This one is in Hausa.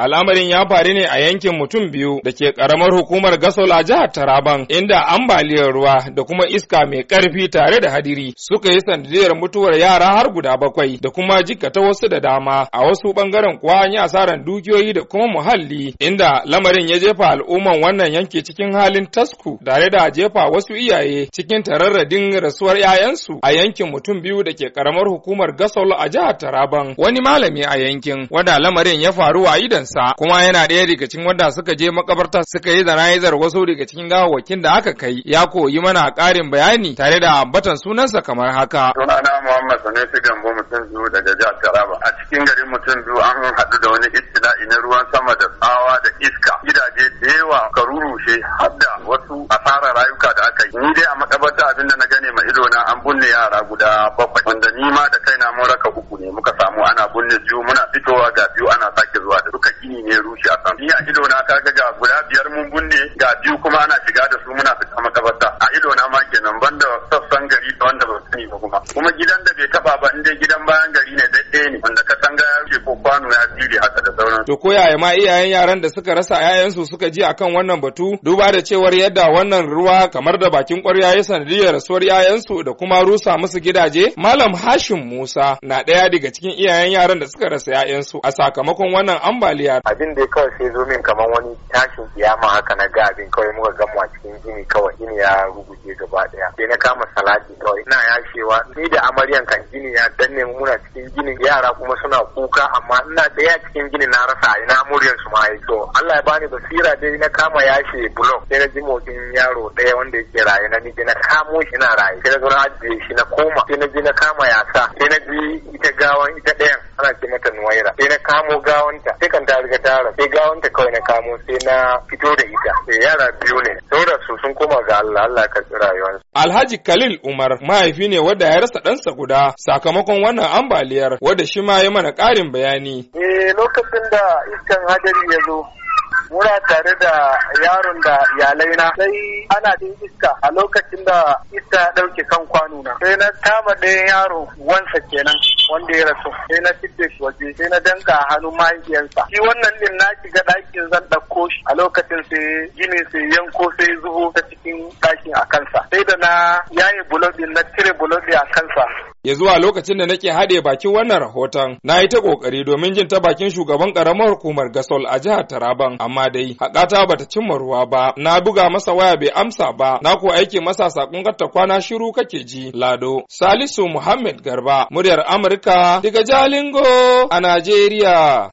Al'amarin ya faru ne a yankin mutum biyu da ke ƙaramar hukumar Gasol a jihar Taraban, inda ambaliyar ruwa da kuma iska mai ƙarfi tare da hadiri suka yi sanadiyar mutuwar yara har guda bakwai da kuma jikata wasu da dama. A wasu ɓangaren kuwa an yi asarar dukiyoyi da kuma muhalli, inda lamarin ya jefa al'umman wannan yanki cikin halin tasku tare da jefa wasu iyaye cikin tararradin rasuwar 'ya'yansu a yankin mutum biyu da ke ƙaramar hukumar Gasol a jihar Taraban. Wani malami a yankin, wanda lamarin ya faru a idan sa kuma yana ɗaya daga cikin wanda suka je makabarta suka yi zana'izar wasu daga cikin wakin da aka kai ya koyi mana ƙarin bayani tare da ambatan sunansa kamar haka. Sunana Muhammad Sanusi Gambo mutum biyu daga jihar Taraba. A cikin garin mutum biyu an haɗu da wani itila'i na ruwan sama da tsawa da iska. Gidaje da yawa ka rurushe har da wasu asarar rayuka da aka yi. Ni dai a makabarta abin da na gane ma ido na an bunne yara guda bakwai wanda ni ma da kaina mun raka uku ne muka samu ana bunne biyu muna fitowa ga biyu ana ya ido na kaga ga guda biyar mun bunne ga biyu kuma ana shiga da su muna fita makabarta a ido na ma kenan banda sassan gari da wanda ba sani ba kuma kuma gidan da bai taba ba inda gidan bayan gari ne daɗe ne wanda ka san ga ya ko kwano ya tsire haka sauran. To ko yaya ma iyayen yaran da suka rasa 'ya'yansu suka ji akan wannan batu duba da cewar yadda wannan ruwa kamar da bakin kwarya ya sanadiyar rasuwar 'ya'yansu da kuma rusa musu gidaje Malam Hashim Musa na ɗaya daga cikin iyayen yaran da suka rasa 'ya'yansu a sakamakon wannan ambaliya. Abin da ya kawai sai zo min kamar wani tashin kiyama haka na ga abin kawai muka gamu a cikin gini kawai gini ya ruguje gaba ɗaya. Sai na kama salati kawai ina yashewa ni da amaryan kan gini ya danne muna cikin gini yara kuma suna kuka amma ina ɗaya cikin gini na na rasa ina muryar su ma to Allah ya bani basira dai na kama yashi blog sai na ji motsin yaro daya wanda yake raye na ni na kamo shi na raye sai na zo ajiye shi na koma sai na ji na kama yasa sai na ji ita gawan ita ɗayan ana ce mata nuwaira sai na kamo gawanta sai kan ta riga ta sai gawanta kawai na kamo sai na fito da ita sai yara biyu ne saboda su sun koma ga Allah Allah ka tsira rayuwarsu. Alhaji Khalil Umar mahaifi ne wanda ya rasa ɗansa guda sakamakon wannan ambaliyar wanda shi ma ya mana ƙarin bayani. Eh lokacin da iskan hadari ya zo muna tare da yaron da iyalai na sai ana jin iska a lokacin da iska ya ɗauke kan kwano na sai na kama ɗayan yaro wansa kenan wanda ya rasu sai na fidda shi waje sai na danka a hannun mahaifiyarsa shi wannan din na shiga ɗakin zan ɗauko shi a lokacin sai gini sai yanko sai zubo ta cikin ɗakin a kansa sai da na yaye bulobi na cire bulobi a kansa ya zuwa lokacin da nake haɗe bakin wannan rahoton na yi ta ƙoƙari domin jin ta bakin shugaban ƙaramar hukumar gasol a jihar taraban amma dai haƙata bata cimma ruwa ba na buga masa waya bai amsa ba na ko aiki masa saƙon gatta kwana shiru kake ji lado salisu muhammad garba muryar amurka daga jalingo a najeriya